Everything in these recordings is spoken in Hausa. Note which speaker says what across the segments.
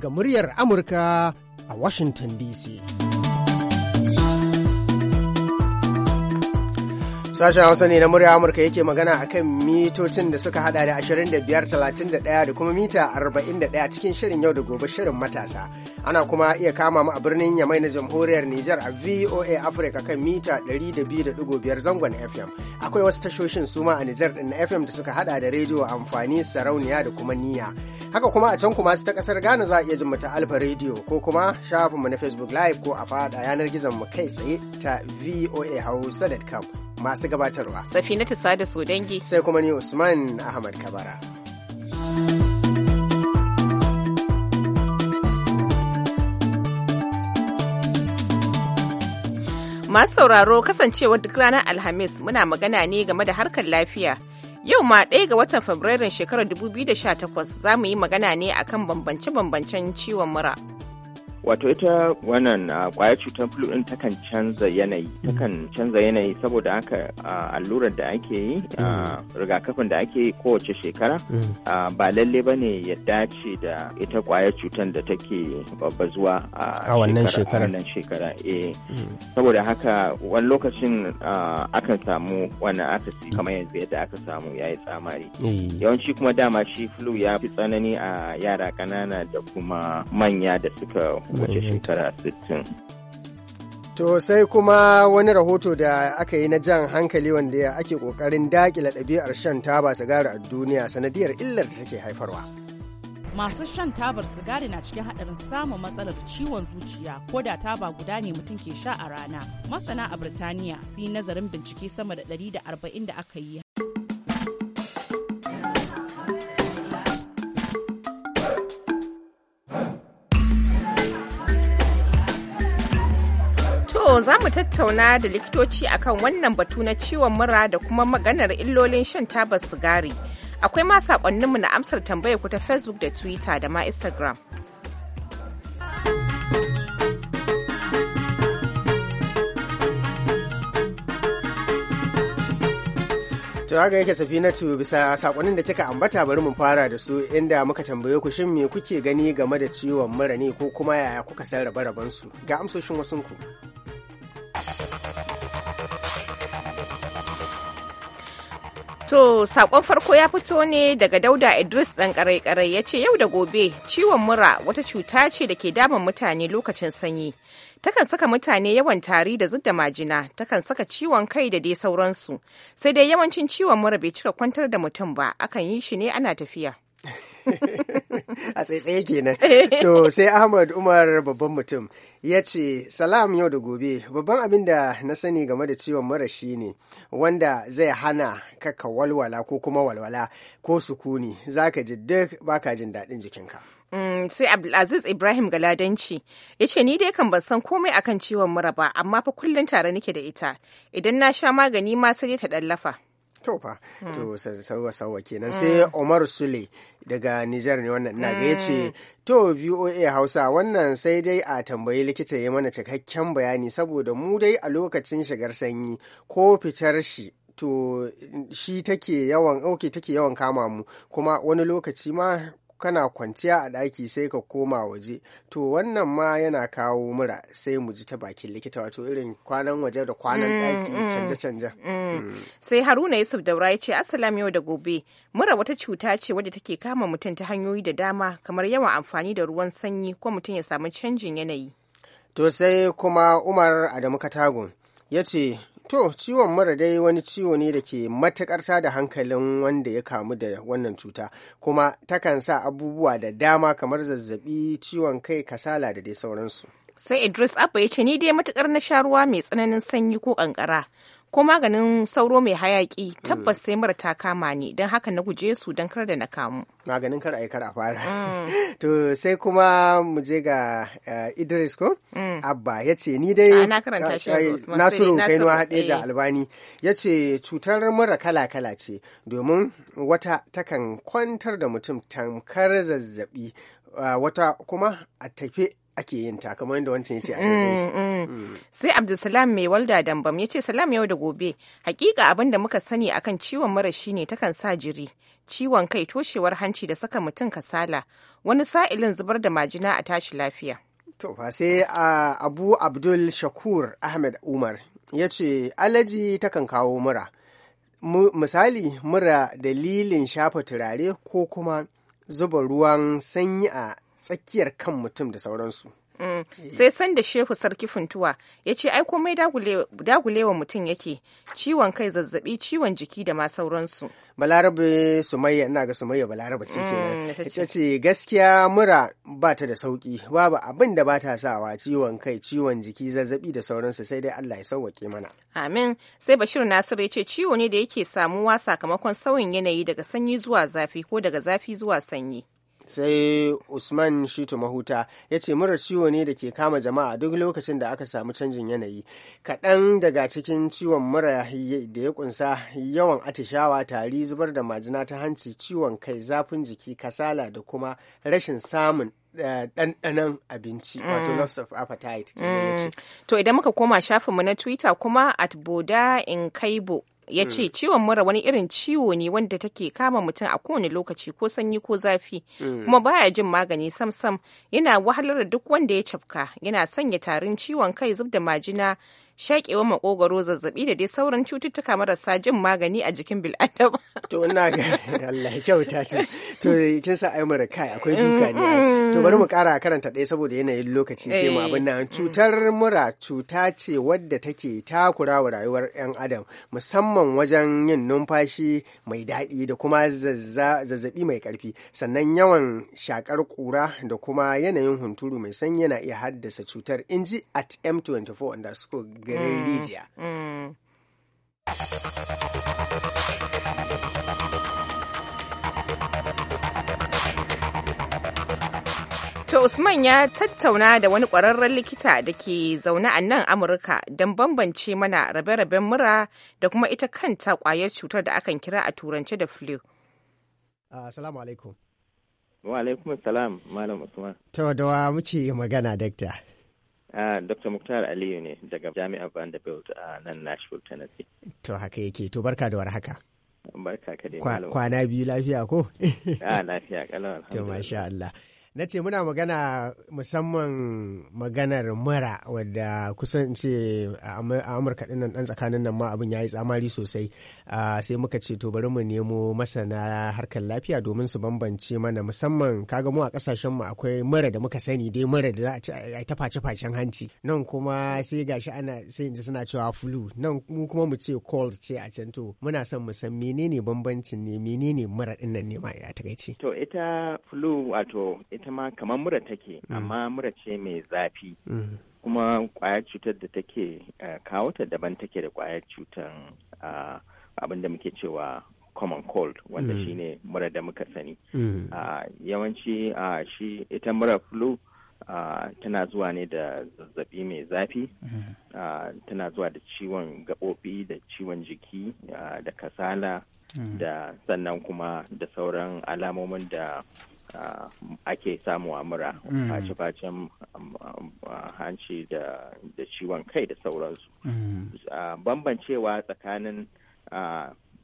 Speaker 1: daga muryar Amurka a Washington DC. Sashen Hausa ne na muryar Amurka yake magana a kan mitocin da suka hada da 25, 31 da kuma mita 41 cikin shirin yau da gobe shirin matasa. ana kuma iya kama mu a birnin yamai na jamhuriyar Nijar a VOA Africa kan mita 200.5 zangon FM. Akwai wasu tashoshin suma a Nijar din na FM da suka hada da rediyo amfani sarauniya da kuma niya. Haka kuma a can kuma su ta kasar Ghana za a iya jin Alfa rediyo ko kuma shafinmu na Facebook Live ko a fada yanar gizon mu kai tsaye ta VOA voahausa.com masu gabatarwa.
Speaker 2: Safinatu Sada Sodangi. Sai kuma ni
Speaker 1: Usman Ahmad Kabara.
Speaker 2: Masu sauraro kasancewar duk ranar Alhamis muna magana ne game da harkar lafiya. Yau ma ɗaya ga watan Fabrairun shekarar 2018 za mu yi magana ne akan bambance-bambancen ciwon mura.
Speaker 3: wato ita wannan ah, kwayar cutar flu din takan canza yanayi mm. takan canza yanayi saboda haka ah, allurar da ake yi mm. ah, rigakafin da ake yi kowace shekara mm. ba lalle ba ne ya dace da ita kwayar cutar da take bazuwa a wannan shekara A shekara. Eh. saboda haka wani lokacin akan samu wannan akasi kamar yanzu yadda aka samu ya yi tsamari eh. yawanci kuma dama shi flu ya fi tsanani a yara ƙanana da kuma manya da suka wace shekara
Speaker 1: To sai kuma wani rahoto da aka yi na jan hankali wanda ya ake kokarin dakila ɗabi'ar shan taba sigari a duniya sanadiyar illar da take haifarwa.
Speaker 4: Masu shan tabar sigari na cikin haɗarin samun matsalar ciwon zuciya ko da taba guda ne mutum ke sha a rana. Masana a Birtaniya sun yi nazarin bincike sama da 140 da da aka yi
Speaker 2: za mu tattauna da likitoci akan wannan batu na ciwon mura da kuma maganar illolin shan tabar sigari. Akwai ma saƙonninmu na amsar tambayar ku ta Facebook da Twitter da ma Instagram.
Speaker 1: To haka yake Safinatu bisa sakonin da kika ambata bari mu fara da su inda muka tambaye ku shin me kuke gani game da ciwon mura ne ko kuma yaya kuka san rabe ga amsoshin wasunku. ku.
Speaker 2: To sakon farko ya fito ne daga Dauda Idris ɗan ƙarai-ƙarai ya ce yau da gobe ciwon mura wata cuta ce da ke damun mutane lokacin sanyi. Takan saka mutane yawan tari da zudda majina, takan saka ciwon kai da dai sauransu. Sai dai yawancin ciwon mura bai cika kwantar da mutum ba, akan yi shi ne ana tafiya.
Speaker 1: a kenan to sai ahmad umar babban mutum ya ce salam yau da gobe babban abin da na sani game da ciwon mara shi ne wanda zai hana kaka walwala ko kuma walwala ko sukuni zaka ji duk baka jin daɗin jikinka
Speaker 2: Mm, sai Abdulaziz Ibrahim Galadanci ya ce ni dai kan ban san komai akan ciwon mura ba amma fa kullum tare nake da ita idan na sha magani ma sai ta ɗallafa. to fa
Speaker 1: hmm. to sauwa sauwa kenan hmm. sai Omar Sule daga Nijar ne wannan ina ga yace hmm. to VOA Hausa wannan sai dai a tambayi likita ya mana cikakken bayani saboda mu dai a lokacin shigar sanyi ko fitar shi to shi take yawan okay, take yawan kama mu kuma wani lokaci ma kana kwanciya a ɗaki sai ka koma waje to wannan ma yana kawo mura sai mu ji ta bakin likita wato irin kwanan waje
Speaker 2: da kwanan mm, ɗaki mm. canje-canje. Mm. sai haruna yusuf daura ya ce asalam yau da gobe mura wata cuta ce wadda take kama mutum ta hanyoyi da dama kamar yawan amfani da ruwan sanyi ko mutum ya samu canjin yanayi
Speaker 1: to sai kuma umar adamu katagun ya ce To, ciwon mara dai wani ciwo ne da ke matakar da hankalin wanda ya kamu da wannan cuta, kuma takan sa abubuwa da dama kamar zazzabi,
Speaker 2: ciwon kai, kasala da dai sauransu. Sai Idris Abba ya ce ni dai matakar na sha ruwa mai tsananin sanyi ko ƙanƙara. ko maganin sauro mai hayaki hmm. tabbas sai mara ta kama ni don haka na guje su don kar da na kamu maganin kar a yi kar a fara hmm.
Speaker 1: to sai kuma mu je ga eh, idris ko hmm. abba ya ce ni dai na suru kai nasiru kainuwa eh. hadeja albani ya ce cutar mura kala kala ce domin wata takan kwantar da mutum tamkar zazzabi eh, wata kuma a tafe ake yin ta kamar yadda wancan ya ce a mm, mm. Mm.
Speaker 2: sai abdulsalam mai walda dambam ya ce salam yau da gobe hakika abin da muka sani akan ciwon mara shi ne takan sa jiri ciwon kai toshewar hanci da saka mutum kasala wani sa'ilin zubar da majina a tashi lafiya
Speaker 1: to fa sai abu abdul shakur ahmed umar ya ce alaji takan kawo mura misali mura dalilin shafa turare ko kuma zuba ruwan sanyi a tsakiyar
Speaker 2: kan mutum da sauransu mm. sai sanda shehu sarki funtuwa ya ce ai komai dagulewa mutum yake ciwon kai zazzabi ciwon jiki da ma sauransu
Speaker 1: balarabe sumayya ina ga sumayya balarabe ce kenan mm, ita ce gaskiya mura ba ta da sauki babu abin da ba ta sawa ciwon kai ciwon jiki zazzabi da sauransu sai dai Allah ya sauwake mana
Speaker 2: amin sai bashir nasiru ya ce ciwo ne da yake samuwa sakamakon sauyin yanayi daga sanyi zuwa zafi ko daga zafi zuwa sanyi
Speaker 1: sai usman shito mahuta ya ce mura ciwo ne da ke kama jama'a duk lokacin da aka samu canjin yanayi kaɗan daga cikin ciwon mura da ya kunsa yawan atishawa tari zubar da majina ta hanci ciwon kai zafin jiki kasala da kuma rashin samun eh, ɗanɗanon abinci mm. wato loss of appetite mm.
Speaker 2: to idan muka koma shafinmu na twitter kuma at boda in kaibo ya mm. ce ciwon mura wani irin ciwo ne wanda take kama mutum a kowane lokaci ko sanyi ko zafi mm. kuma baya jin magani sam-sam yana wahalar da duk wanda ya cafka yana sanya tarin ciwon kai zub da majina shaƙewa makogwaro zazzabi da dai sauran cututtuka marasa jin magani a jikin bil'adama. to
Speaker 1: ina ga Allah kyauta to to kin sa ai mara kai akwai mm, duka ne to mm. bari mu kara karanta ɗaya saboda yanayin lokaci sai mu eh. abin nan mm. cutar mura cuta ce wadda take takura wa rayuwar 'yan adam musamman wajen yin numfashi mai daɗi da kuma zazzabi mai ƙarfi sannan yawan shakar ƙura da kuma yanayin hunturu mai sanyi yana iya haddasa cutar inji at m24 da underscore garin
Speaker 5: rijiya mm, mm.
Speaker 2: To Usman ya tattauna da wani ƙwararren likita da ke zaune a nan Amurka don bambance mana rabe-raben mura da kuma ita kanta ƙwayar cutar da akan kira a turance da flu.
Speaker 1: Ah, assalamu alaikum.
Speaker 3: Wa alaikum salam, Malam Usman.
Speaker 1: Tawadawa da muke magana, Dakta?
Speaker 3: Ah, Dr. Muktar Aliyu ne daga Jami'ar Vanderbilt a ah, nan Nashville, Tennessee.
Speaker 1: To haka yake, to barka da warhaka.
Speaker 3: Barka ka dai. Kwana
Speaker 1: biyu lafiya ko? A ah, lafiya kalawar. To masha Allah. na ce muna magana musamman maganar mura wadda kusan ce a amurka dinnan dan tsakanin nan ma abin ya yi tsamari sosai sai muka ce to bari mu nemo masana harkar lafiya domin su bambance mana musamman kaga mu a kasashen mu akwai mura da muka sani dai mura da za a ta face facen hanci nan kuma sai gashi ana sai inji suna cewa flu nan mu kuma mu ce cold ce a can to muna son mu san menene bambancin ne menene mura dinnan ne ma ya takaice
Speaker 3: to ita flu wato ita ma kamar mura take mm. amma mura ce mai zafi mm. kuma kwayar cutar da take eh, kawo ta daban take da kwayar cutar ah, abin da muke cewa common cold wanda shi mm. shine mura da muka sani ah, yawanci a ah, shi ita mura flu uh, tana zuwa ne da zazzabi mai zafi mm. tana zuwa da ciwon gaɓoɓi da ciwon jiki uh, da kasala da sannan kuma da sauran alamomin da Uh, ake samu a mura mm. face-facen um, um, uh, hanci da ciwon kai da sauransu mm. uh, bambancewa tsakanin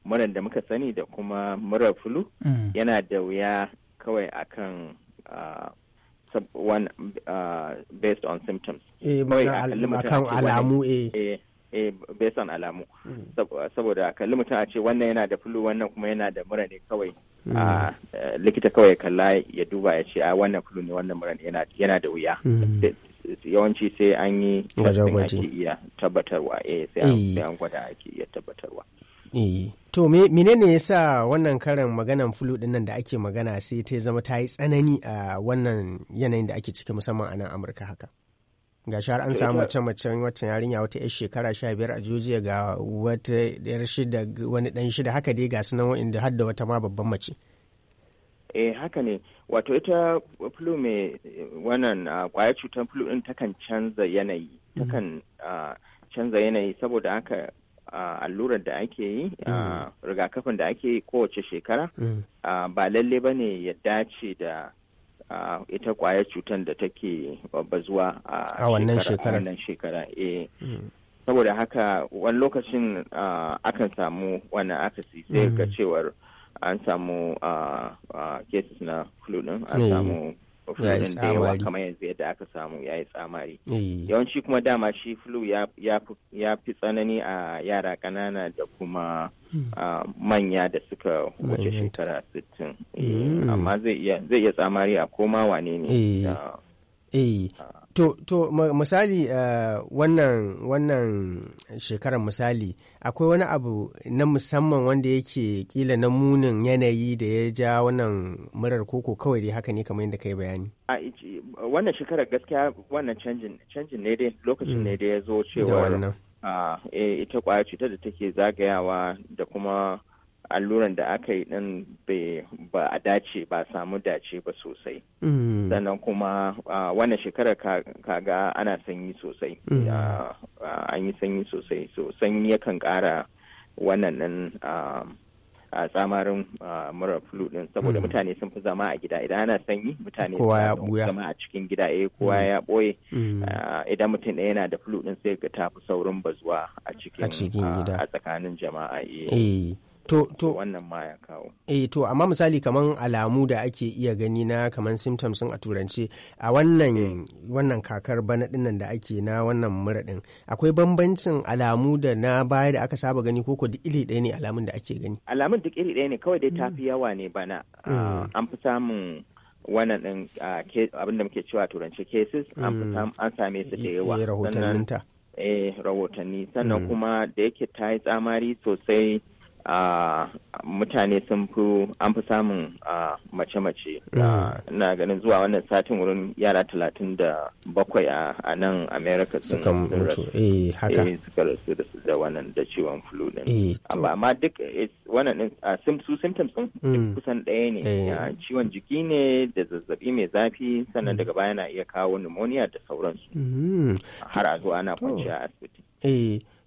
Speaker 3: muran da muka sani da kuma mura fulu mm. yana da wuya kawai akan one based on symptoms.
Speaker 1: Eh, akan alamu
Speaker 3: eh. eh eh on alamu hmm. saboda kalli mutum a ce wannan yana da fulu wannan kuma yana da mura ne kawai hmm. a eh, likita kawai kalla ya duba ya ce a wannan fulu ne wannan mura ne yana da wuya hmm. yawanci sai an yi ake iya tabbatarwa eh, eh sai an gwada ake iya tabbatarwa
Speaker 1: eh. to menene ya sa wannan karin maganan fulu din da ake magana sai ta zama ta yi tsanani a wannan yanayin da ake ciki musamman a nan amurka haka ga shahar an eh, samu mace mace wata yarinya wata yar shekara sha biyar a jujiya ga wata yar shida wani dan shida haka dai ga sunan wa'inda hadda wata ma babban mace
Speaker 3: eh haka ne wato ita flu mai wannan kwaya ah, cutar flu din takan canza yanayi mhm. takan ah, canza yanayi saboda haka ah, allurar da ake yi mm. rigakafin da ake yi kowace shekara mm. ba lalle ba ne ya dace da uh, ita kwayar cutar da take bazuwa a wannan shekara wannan shekara eh hmm. saboda haka wani lokacin akan samu wannan akasi sai ga hmm. cewar an samu cases na flu din an eh. samu flu da kamar yanzu yadda aka samu ya yi tsamari eh. yawanci kuma dama shi flu ya fi tsanani a yara ƙanana da kuma hmm. manya da suka wuce shekara 60 eh,
Speaker 5: hmm. amma
Speaker 3: zai iya tsamari a koma wane ne eh. ah.
Speaker 1: eh to to misali uh, wannan wannan shekarar misali akwai wani abu na musamman wanda yake kila na munin yanayi da ya ja wannan murar koko kawai dai haka ne kamar yadda ka yi bayani
Speaker 3: a wannan shekarar gaskiya wannan canjin canjin ne dai lokacin ne mm. dai ya zo cewa ah, eh, ita kwaya cutar da take zagayawa da kuma alluran da aka yi din ba a dace ba samu dace ba sosai
Speaker 5: mm. sannan
Speaker 3: kuma wannan shekarar kaga ana sanyi sosai mm. an yi sanyi sosai so sanyi yakan kara wannan nan a tsamarin mura flu din saboda mm. mutane sun fi zama a gida idan ana sanyi mutane sun fi zama a cikin gida eh kowa ya boye idan mutum ɗaya yana da flu din sai ga tafi saurin bazuwa a cikin a tsakanin jama'a eh.
Speaker 5: Eh.
Speaker 1: to to wannan ma ya kawo eh to amma misali kaman alamu da ake iya gani na kaman symptoms a turance a wannan eh. wannan kakar bana nan da ake na wannan muradin akwai bambancin alamu da na baya da aka saba gani koko duk iri ɗaya ne alamun da ake gani
Speaker 3: alamun duk iri ɗaya ne kawai dai tafi mm. yawa ne bana ah, mm. an fi samun wannan din ah, abinda muke cewa turance cases mm. an same su da eh, yawa eh, rahotanninta eh rahotanni sannan kuma da yake ta yi tsamari sosai mutane sun fi an fi samun mace-mace mm. na ganin zuwa wannan satin wurin yara talatin da bakwai a nan america sun rasu
Speaker 1: eh, eh,
Speaker 3: suka rasu da su da wannan da ciwon flu din eh, amma duk wannan su symptoms din mm. kusan ɗaya ne ciwon jiki ne da zazzabi mai zafi sannan mm. daga baya na iya kawo pneumonia da sauransu har a zuwa ana kwanciya
Speaker 1: asibiti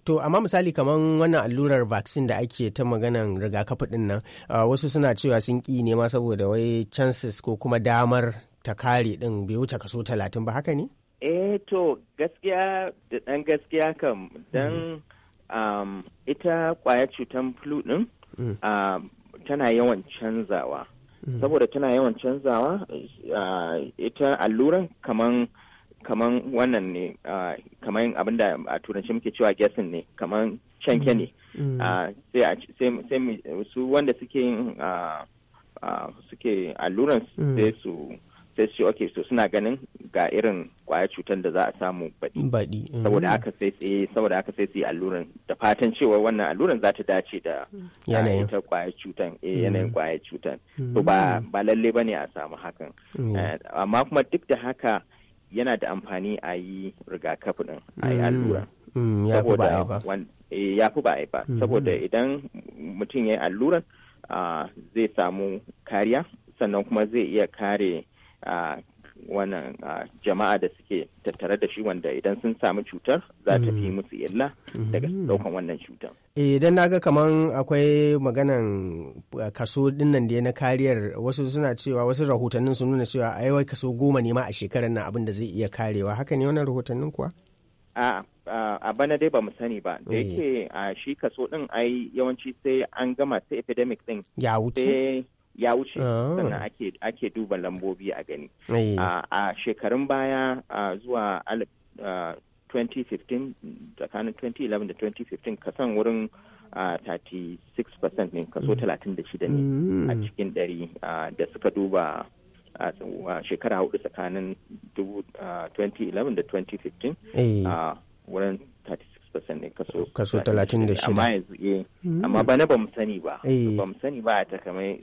Speaker 1: To amma misali kamar wannan allurar vaccine da ake ta maganan rigakafi din nan wasu suna cewa sun ƙi ne ma saboda wai chances ko kuma damar ta kare din bai wuce kaso talatin ba haka ne?
Speaker 3: Eh to gaskiya da ɗan gaskiya kam don mm. ita kwaya cutan flu ɗin mm. tana yawan canzawa. Mm. Saboda tana yawan canzawa ita alluran kaman kaman wannan ne kaman abin da a turanci muke cewa gesin ne kaman canke ne mm. sai su wanda suke suke alluran mm. sai su sai su ok so suna ganin ga irin kwaya cutar da za a samu baɗi mm. saboda aka sai tsaye eh, saboda aka sai tsaye alluran da fatan cewa wannan alluran za ta dace da yanayin ta kwaya cutar eh yanayin kwaya cutar
Speaker 5: to ba
Speaker 3: ba lalle bane a samu hakan eh, amma kuma duk da haka yana da amfani a yi rigakafi din
Speaker 5: a yi mm. allura mm, eh, ya fi
Speaker 3: ba a yi ba mm-hmm. saboda idan mutum ya yi alluran ah, zai samu kariya sannan kuma zai iya kare ah, wannan jama'a da suke tattare da shi wanda idan sun samu cutar za ta fi mm. musu illa daga daukan mm-hmm. wannan cutar.
Speaker 1: Idan eh, na ga kamar akwai maganan kaso dinnan da na kariyar wasu suna cewa wasu rahotannin sun nuna cewa a wai kaso goma ne ma a shekarar nan abin da zai iya karewa haka ne wannan rahotannin kuwa?
Speaker 3: a bana dai ba mu sani ba da eh. yake shi kaso din ai yawanci sai an gama sai epidemic din.
Speaker 1: Ya wuce.
Speaker 3: ya wuce ah. sannan ake, duba lambobi a gani eh. a shekarun baya zuwa 2015 tsakanin 2011 da 2015 kasan wurin 36% ne kaso 36 mm.
Speaker 5: ne a mm.
Speaker 3: cikin dari da suka duba a shekara hudu tsakanin 2011 da 2015 eh. a wurin percent ne kaso kaso 36 amma
Speaker 1: yanzu eh
Speaker 5: hmm. amma bana
Speaker 3: ba mu sani ba eh. ba mu sani ba ta kamar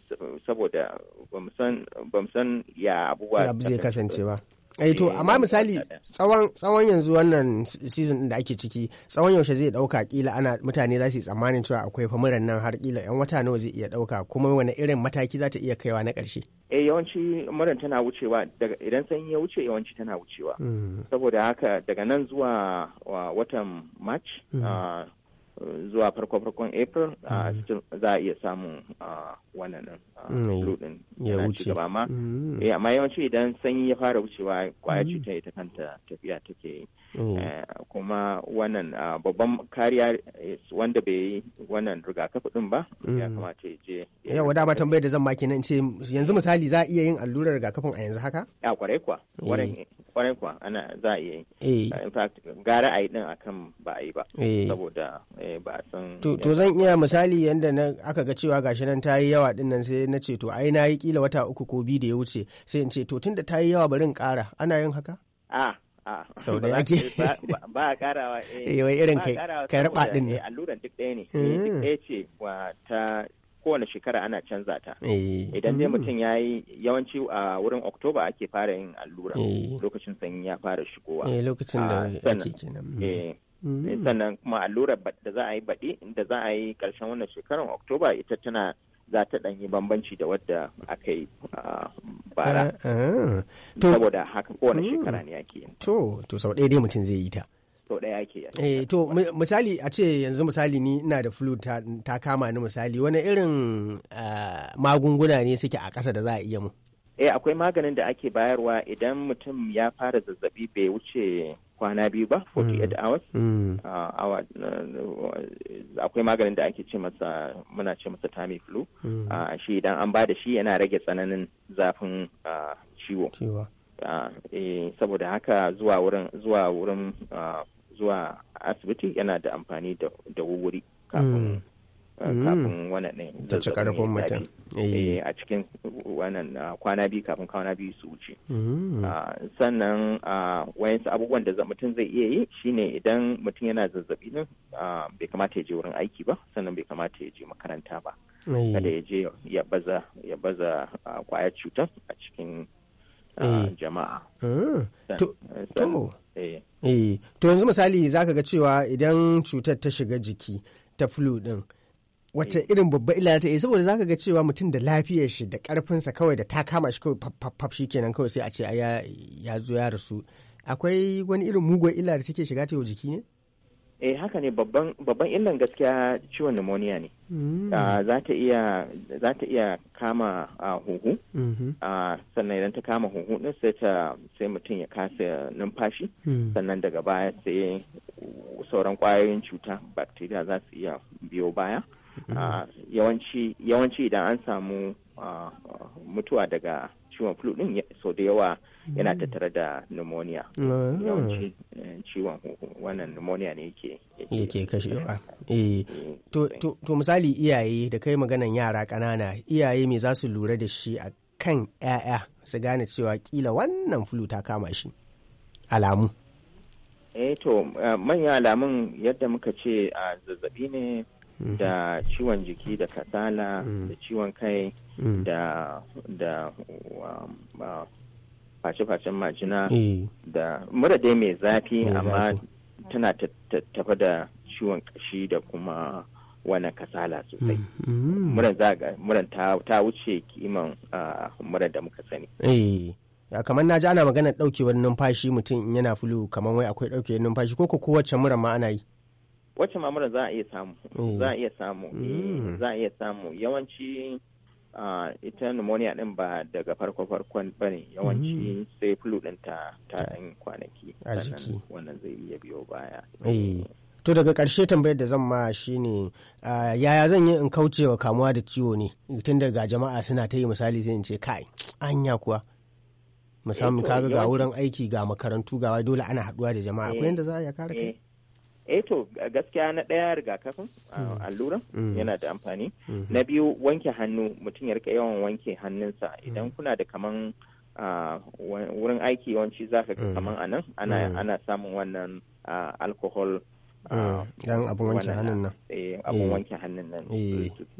Speaker 3: saboda ba mu san ya abubuwa zai kasance ba
Speaker 1: eh to eh, amma misali tsawon tsawon yanzu wannan season da ake ciki tsawon yaushe zai dauka kila ana mutane za su tsammanin cewa akwai famuran nan har kila yan wata nawa zai iya dauka kuma wani irin mataki za ta iya kaiwa na karshe
Speaker 3: eh yawanci muran tana wucewa daga idan sanyi ya wuce yawanci tana wucewa hmm. saboda haka daga nan zuwa watan march
Speaker 5: hmm.
Speaker 1: ah,
Speaker 3: zuwa farko-farkon april mm. za a iya samun wannan din mm, ya wuce amma
Speaker 5: mm. eh,
Speaker 3: amma yawanci idan sanyi ya fara wucewa kwaya cutar ita kanta tafiya take yi oh. eh, kuma wannan babban kariya eh, wanda bai yi wannan rigakafi din ba ya kamata ya je
Speaker 1: yawa dama tambayar da zan maki nan ce yanzu misali za a iya yin allurar rigakafin a yanzu haka
Speaker 3: a kwarai kuwa kwarai kuwa ana za a iya yi in fact gara a yi din akan ba a yi ba saboda Eh, ba a to zan iya
Speaker 1: misali yadda na aka ga cewa gashi nan ta yi yawa din nan sai na ce to ai na yi kila wata uku ko biyu da ya wuce sai in ce to tunda ta yi yawa bari in kara ana yin haka
Speaker 3: a a sau da yake ba a karawa eh. eh wai irin kai kai raba din ne eh, alluran duk ɗaya ne hmm. duk ɗaya ce wa ta kowane shekara ana canza ta
Speaker 1: idan dai hmm. mutum
Speaker 3: ya yi yawanci a wurin oktoba ake fara yin allura lokacin sanyi ya fara shigowa lokacin da ake kenan hmm. Mm-hmm. sannan kuma allurar da za a yi baɗi da za a yi ƙarshen wannan shekarar oktoba ita tana za ta ɗanyi bambanci da wadda aka yi bara ah, ah. saboda haka kowane mm. shekara
Speaker 1: ne ake to to sau ɗaya dai mutum zai yi ta sau ɗaya ake yi eh, to misali a ce yanzu misali ni ina da flu ta kama ni misali wani irin magunguna ne suke a ƙasa da za a iya mu
Speaker 3: eh akwai maganin da ake bayarwa idan mutum ya fara zazzabi bai wuce kwana biyu ba 48 mm. hours mm. Uh, uh, akwai maganin da ake ce masa muna ce masa mm. uh, shi idan an ba da shi yana rage tsananin zafin uh, ciwo eh, saboda haka zuwa wurin zuwa wurin zuwa asibiti yana da amfani da wuri
Speaker 5: kafin Eh, mm. kafin
Speaker 3: wannan ne ta ci karfin mutum eh. Eh, a cikin wannan ah, kwana biyu kafin kwana biyu su wuce mm. ah, sannan ah, wayansu abubuwan da mutum zai iya yi shine idan mutum yana zazzabi nan bai kamata ya je wurin aiki ba sannan bai kamata ya je makaranta ba kada ya je ya baza ya baza kwayar cutar a cikin jama'a
Speaker 1: to to yanzu misali zaka ga cewa idan cutar ta shiga jiki ta flu din wata irin babba illa ta yi saboda zaka ga cewa mutum da lafiyar shi da karfin sa kawai da ta kama shi kawai fafafaf shi kenan kawai sai a ce ya zo ya rasu akwai wani irin mugun illa da take shiga ta yau jiki ne
Speaker 3: eh haka ne babban babban illan gaskiya ciwon pneumonia ne
Speaker 5: mm. ah,
Speaker 3: za ta iya za iya kama ah, huhu mm-hmm. ah, sannan idan ta kama huhu din sai ta sai mutum ya kasa numfashi mm. sannan daga baya sai sauran kwayoyin cuta bacteria za su iya biyo baya Ah, yawanci idan an samu ah, mutuwa daga ciwon flu din sau da yawa yana mm. tattare da pneumonia ah. yawanci eh, ciwon wannan pneumonia ne yake
Speaker 1: yake kashewa eh to misali iyaye da kai maganan yara ƙanana iyaye me za su lura da shi a kan 'ya'ya su gane cewa kila wannan flu ta kama shi alamu
Speaker 3: eh to eh, manyan alamun yadda muka ce a zazzabi ne
Speaker 5: Mm-hmm. da
Speaker 3: ciwon jiki da kasala mm-hmm. da ciwon kai mm-hmm. da da um, uh, face-facen majina eh. da mura dai mai zafi amma tana tattafa da ciwon kashi da kuma wannan kasala sosai muran ta wuce kiman uh, muran da muka sani
Speaker 1: eh. kamar na ji ana maganar daukewar numfashi mutum yana fulu kamar wai akwai daukewar numfashi ko ko kowace mura ma ana yi
Speaker 3: wacce mamura za a iya samu oh. za a iya samu eh, mm. za a iya samu yawanci ita pneumonia din ba daga farko farkon bane yawanci mm. sai flu din ta ta yan kwanaki jiki wannan zai iya biyo baya
Speaker 1: oh. to daga karshe tambayar da zan ma shine yaya zan yi in kaucewa kamuwa da ciwo ne tun daga jama'a suna ta yi misali sai in ce kai anya kuwa musamman eh, kaga ga wurin aiki ga makarantu ga dole ana haɗuwa da jama'a akwai eh. yadda za
Speaker 3: a kare kai eh to gaskiya na ɗaya rigakafin ah, hmm. alluran hmm. yana da amfani hmm. na biyu wanke hannu mutum ya rika yawan wanke hannunsa idan kuna da kaman ah, wurin aiki yawanci zaka kaman anan ana ana samun wannan ah, alcohol
Speaker 1: Ah, yan abin eh, eh. wanke hannun nan
Speaker 3: wanke hannun nan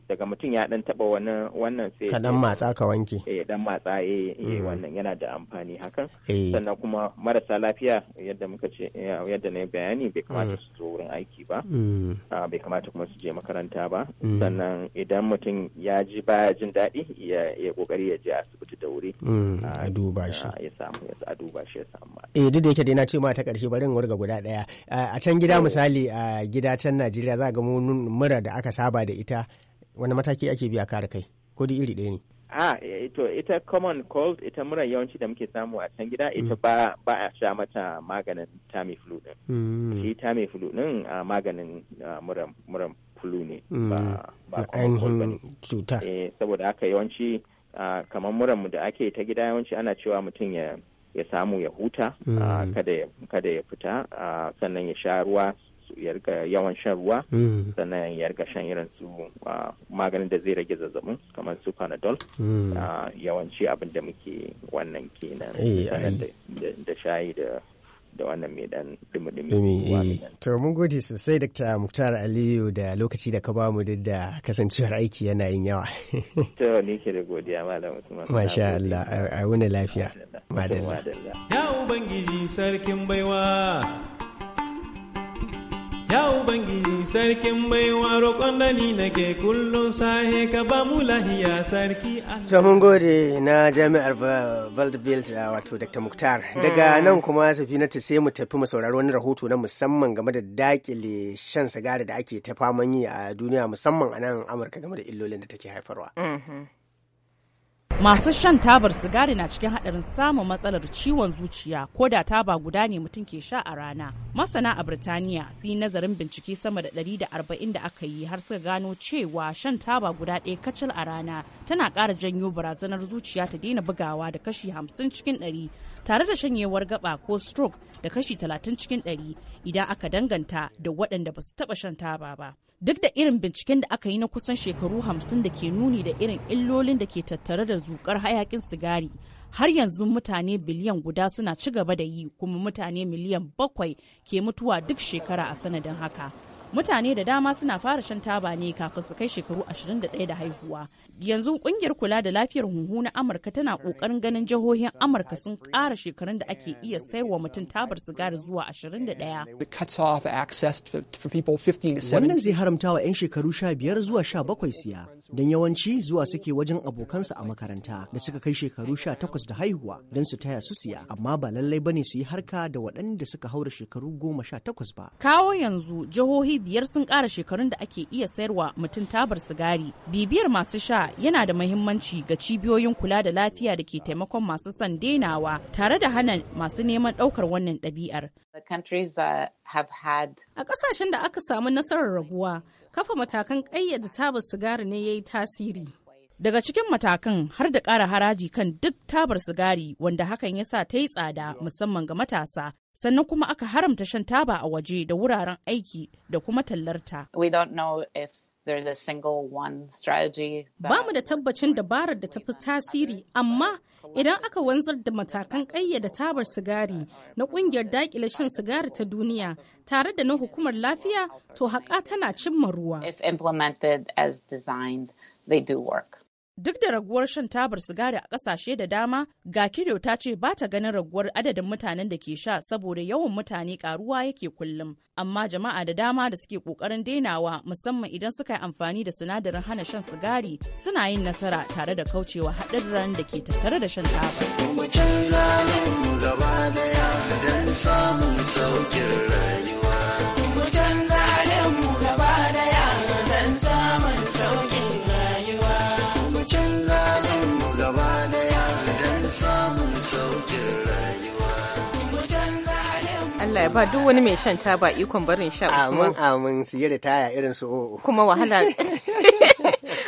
Speaker 3: daga mutum ya dan taba wannan wannan sai ka dan matsa ka wanke eh dan matsa eh, eh mm. wannan yana da amfani hakan sannan kuma marasa lafiya yadda muka ce yadda na bayani bai mm. kamata su zo wurin aiki ba mm. ah, bai kamata kuma su je makaranta ba sannan idan mutum ya ji baya jin daɗi ya kokari ya je asibiti da wuri mm, a duba shi ya samu a duba shi ya samu
Speaker 1: eh duk da yake dai na ce ma ta karshe barin in warga guda daya a can gida eh. misali a gida can Najeriya za ga mura da aka saba da ita wani mataki ake biya kare kai ko da iri ɗaya ne
Speaker 3: A ito, eh, ita common cold ita mura yawanci da muke samu a can gida ita mm. ba, ba a sha mata maganin tamiflu din.
Speaker 1: Mm. Shi
Speaker 3: tamiflu din maganin uh, muran flu ne
Speaker 1: mm. ba ba cutar.
Speaker 3: Eh, saboda haka yawanci kamar muranmu da ake ta gida yawanci ana cewa mutum ya samu ya huta mm. kada ya fita sannan ya sha ruwa yawan shan ruwa mm. sannan ya rika shan irin su maganin da zai rage zazzabin kamar su panadol mm. yawanci abin da muke wannan kenan eh, da shayi da da wannan mai dan dumi-dumi. Eh.
Speaker 1: To mun gode sosai Dr. Muktar Aliyu da lokaci da ka ba mu duk da kasancewar aiki yana yin yawa.
Speaker 3: To ni ke da godiya malam Usman. Masha
Speaker 1: Allah a wuni lafiya. Madalla.
Speaker 3: Ya Ubangiji sarkin baiwa. Ya Ubangiji sarkin baiwa roƙon da ni nake kullum sahe ka ba mu lahiya sarki
Speaker 1: To mun gode na jami'ar a wato Dr. Muktar. Daga hmm. nan kuma Safinatu sai mu tafi mu saurari wani rahoto na musamman game da dakile shan sigari da ake ta faman yi a duniya musamman a nan Amurka game da illolin da take haifarwa.
Speaker 4: Mm-hmm. Masu shan tabar sigari na cikin haɗarin samun matsalar ciwon zuciya ko da taba guda ne mutum ke sha a rana. Masana a Birtaniya sun yi nazarin bincike sama da 140 da aka yi har suka gano cewa shan taba guda ɗaya kacal a rana tana ƙara janyo barazanar zuciya ta daina bugawa da kashi 50 cikin ɗari. tare da shanyewar gaba ko stroke da kashi talatin cikin ɗari idan aka danganta da waɗanda ba su taɓa shan taba ba. Duk da irin binciken da aka yi na kusan shekaru hamsin da ke nuni da irin illolin da ke tattare da zukar hayakin sigari, har yanzu mutane biliyan guda suna ci gaba da yi kuma mutane miliyan bakwai ke mutuwa duk shekara a sanadin haka. Mutane da dama suna fara shan taba ne kafin su kai shekaru 21 da haihuwa. yanzu kungiyar kula da lafiyar huhu na amurka tana kokarin ganin jihohin amurka sun ƙara shekarun da ake iya sayarwa mutum tabar sigari zuwa 21
Speaker 3: wannan
Speaker 1: zai haramta wa 'yan shekaru 15 zuwa 17 siya don yawanci zuwa suke wajen abokansa a makaranta da suka kai shekaru 18 da haihuwa don su taya su siya amma ba lallai bane su yi harka da waɗanda suka haura shekaru 18 ba
Speaker 4: kawo yanzu jihohi biyar sun ƙara shekarun da ake iya sayarwa mutum tabar sigari bibiyar masu sha yana da mahimmanci ga cibiyoyin kula da lafiya da ke taimakon masu son denawa tare da hana masu neman ɗaukar wannan ɗabi'ar. A ƙasashen da aka samu nasarar raguwa, kafa matakan ƙayyade tabar sigari ne ya yi tasiri. Daga cikin matakan har da ƙara haraji kan duk tabar sigari wanda hakan ya sa ta yi tsada musamman ga matasa sannan kuma aka haramta shan taba a waje da wuraren aiki da kuma tallarta. We don't there's single one strategy. Ba mu da tabbacin dabarar da ta fi tasiri, amma idan aka wanzar da matakan ƙayyada tabar sigari na ƙungiyar daƙile shan sigari ta duniya tare da na hukumar lafiya, to haƙa tana cimma ruwa. If implemented as designed, they do work. Duk da raguwar shan tabar sigari a ƙasashe da dama, Gakido ta ce ba ta ganin raguwar adadin mutanen da ke sha saboda yawan mutane karuwa yake kullum. Amma jama'a da dama da suke ƙoƙarin dainawa musamman idan suka yi amfani da sinadarin hana shan sigari suna yin nasara tare da kaucewa ranar da ke tattare da shan tabar.
Speaker 5: samun saukin
Speaker 2: Allah ya ba duk wani mai shan taba ikon barin sha Usman. Amin amin siye da taya irin su o'o. Kuma wahala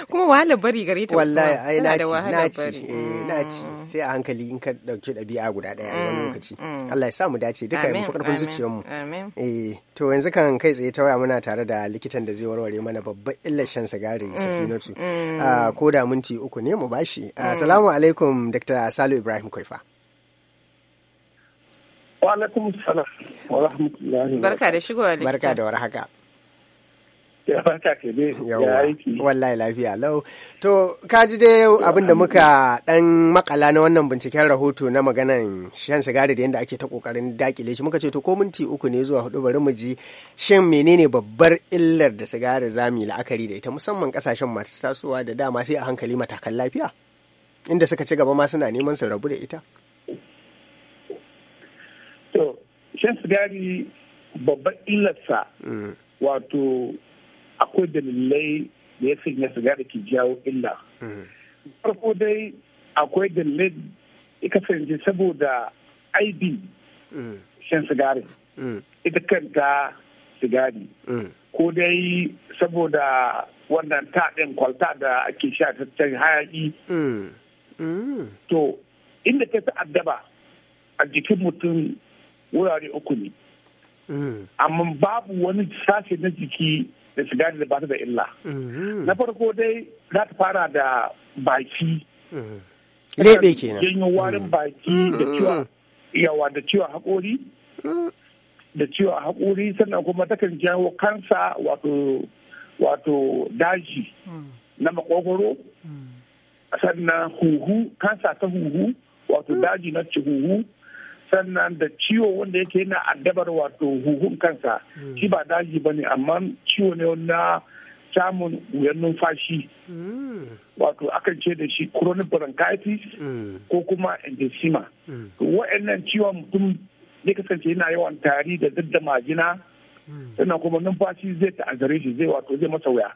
Speaker 2: kuma wahala bari gare ta wallahi ai na ci na ci na
Speaker 1: ci sai a hankali in ka dauki dabi'a guda daya a wani mm, lokaci mm. Allah ya sa mu dace duka mu fi karfin zuciyar mu eh to yanzu kan kai tsaye ta waya muna tare da likitan da zai warware mana babban illar shan sigari mm, safinatu ah, ko da minti uku ne mu bashi assalamu ah, alaikum Dr. Salu Ibrahim Koifa
Speaker 6: Wa alaikum salam wa rahmatullahi barka da shigowa barka da warhaka
Speaker 1: wallahi lafiya lau to kaji dai abin da muka dan makala na wannan binciken rahoto na maganan shan sigari da yadda ake ta kokarin dakile shi muka ce to ko minti uku ne zuwa hudu bari mu ji shin menene babbar illar da sigari zamu yi la'akari da ita musamman kasashen masu tasowa da dama sai a hankali matakan lafiya inda suka ci gaba ma suna neman su rabu da ita
Speaker 6: to shan sigari babbar illarsa mm. wato akwai dalilai da ya sanya siga da ke jawo illa hmm. farko dai akwai dalilai ya kasance saboda aibi hmm. shan sigari hmm. ita kanta sigari ko dai saboda wannan taɗin kwalta da ake sha ta hayaƙi to inda ta ta'addaba a jikin mutum wurare uku ne Eh. amma babu wani sashe na jiki da shiga da ba ta da illa
Speaker 5: eh. na
Speaker 6: farko dai za ta fara da baki lebe eh. nan. warin baki mm, da ciwa mm, mm. yawa da ciwa haƙori da ciwa haƙori sannan kuma takan jawo kansa wato wato daji na makogoro sannan huhu kansa ta huhu wato daji na huhu sannan da ciwo wanda yake na addabar wato huhun kansa hmm. shi ba daji ba ne amma ciwo ne na samun wuyan numfashi hmm. wato akan ce da shi chronic bronchitis hmm. ko kuma emphysema wa'annan ciwon mutum zai kasance yana yawan tari da zadda majina sannan kuma numfashi zai ta'azzare shi zai wato zai masa wuya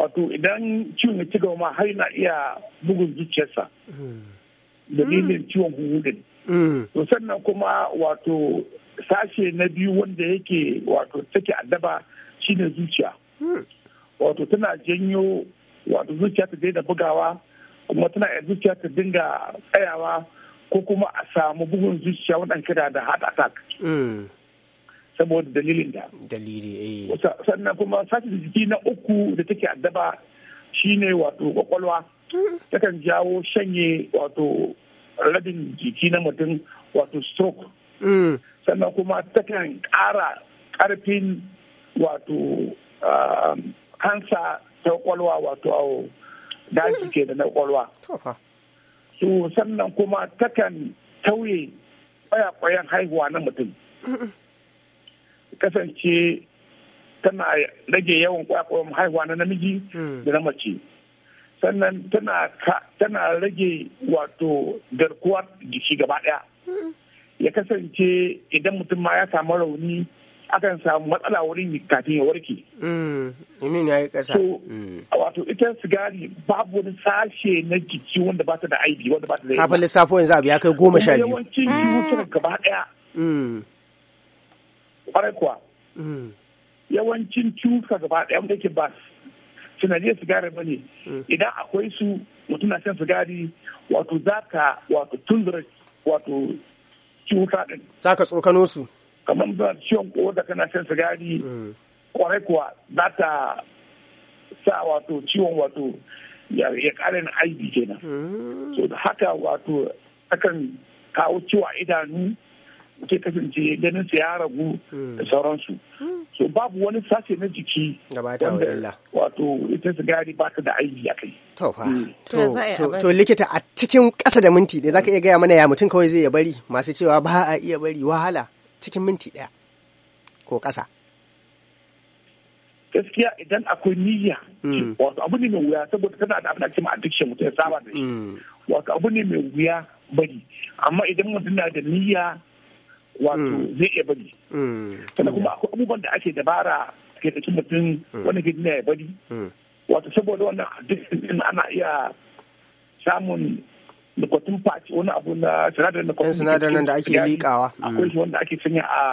Speaker 6: wato idan ciwon ya ci gaba ma har yana iya bugun zuciyarsa dalilin ciwon huhu din to sannan kuma wato sashe na biyu wanda yake wato take addaba shine zuciya wato tana janyo wato zuciya ta daina bugawa kuma tana zuciya ta dinga tsayawa ko kuma a samu bugun zuciya waɗanda kira da heart attack saboda dalilin da dalili eh sannan kuma sashe jiki na uku da take addaba shine wato kwakwalwa hmm. takan jawo shanye wato rabin jiki na mutum wato stroke mm. sannan kuma takan ƙara ƙarfin wato um, kansa ta kwalwa wato daji mm. ke da na kwalwa so sannan kuma takan tauye kwayakwayan haihuwa na mutum kasance tana rage yawan kwayakwayan haihuwa na namiji mm. da na mace sannan tana tana rage wato garkuwar jiki gaba daya hmm. ya kasance idan mutum ma ya samu rauni akan samu matsala wurin kafin ya warke. Imin hmm. ya yi ƙasa. Hmm. Wato ita sigari babu wani sashe na jiki wanda ba ta da aibi wanda ba ta da Kafin lissafo
Speaker 1: yanzu abu ya kai goma sha biyu.
Speaker 6: Yawancin yutun gaba daya Ƙwarai kuwa. Yawancin cuka gaba daya wanda ke ba tunaniyar sigari ba ne mm. idan akwai su mutum na shan sigari wato za ka wato tunzura wato cuta din za ka tsokano su kamar da ciwon kowa da kana shan sigari mm. kwarai kuwa za ta sa wato ciwon wato ya ƙarin aibi kenan mm. so da haka wato akan kawo ciwo idanu ke kasance ganin su ya ragu da sauransu so babu wani sace na jiki wato ita sigari ba ta da aiki a kai to mm.
Speaker 1: likita a cikin ƙasa da minti za ka iya gaya mana ya mutum kawai zai ya bari masu cewa ba a iya bari
Speaker 6: wahala cikin minti ɗaya ko ƙasa gaskiya idan akwai niyya mm. wato abu ne mai wuya saboda tana da abin da ake ma addiction mutum ya saba da shi mm. wato abu ne mai wuya bari amma idan mutum na da niyya wato zai iya bari sannan kuma akwai abubuwan da ake dabara ke da mutum wani gidi ya bari wato saboda wannan hadisin ana iya samun nikotin faci wani abu na sinadarin nikotin sinadarin da ake likawa akwai shi wanda ake sanya a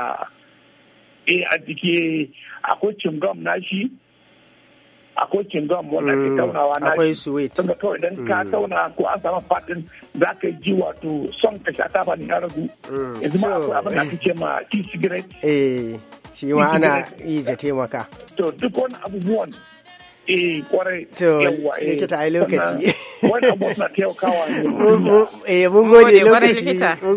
Speaker 6: a jike akwai gam nashi akwai kingdom wanda ke taunawa na akwai sweet tunda kawai idan ka mm. tauna ko an samu fadin za ka ji wato son ka sha ta ne ya ragu
Speaker 5: mm, yanzu ma akwai
Speaker 6: abin da ake eh. ce ma tea cigarette eh, shi ma ana yi ja taimaka to duk wani abubuwan E, e, eh kwarai lokaci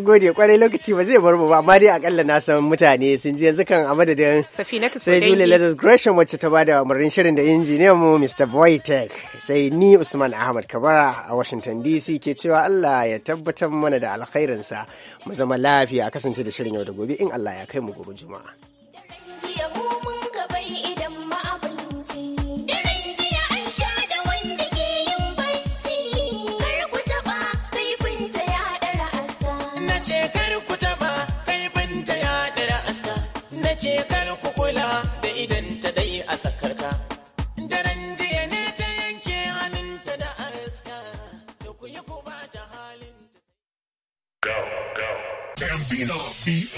Speaker 1: gode lokaci lokaci ba zai bar mu ba amma dai akalla na san mutane sun ji yanzu kan a madadin
Speaker 2: sai Julie Lazarus
Speaker 1: Gresham wacce ta bada umarnin shirin da injiniyan mu Mr. Voitek sai ni Usman Ahmad Kabara a Washington DC ke cewa Allah ya tabbatar mana da alkhairinsa mu zama lafiya kasance da shirin yau da gobe in Allah ya kai mu gobe juma'a
Speaker 2: ce kar ku kula da idan ta dai a sakarka. Daren jiya ne ta yanke hannunta da aska,
Speaker 1: da ku yi
Speaker 5: ku ba ta halin ta. Go, go.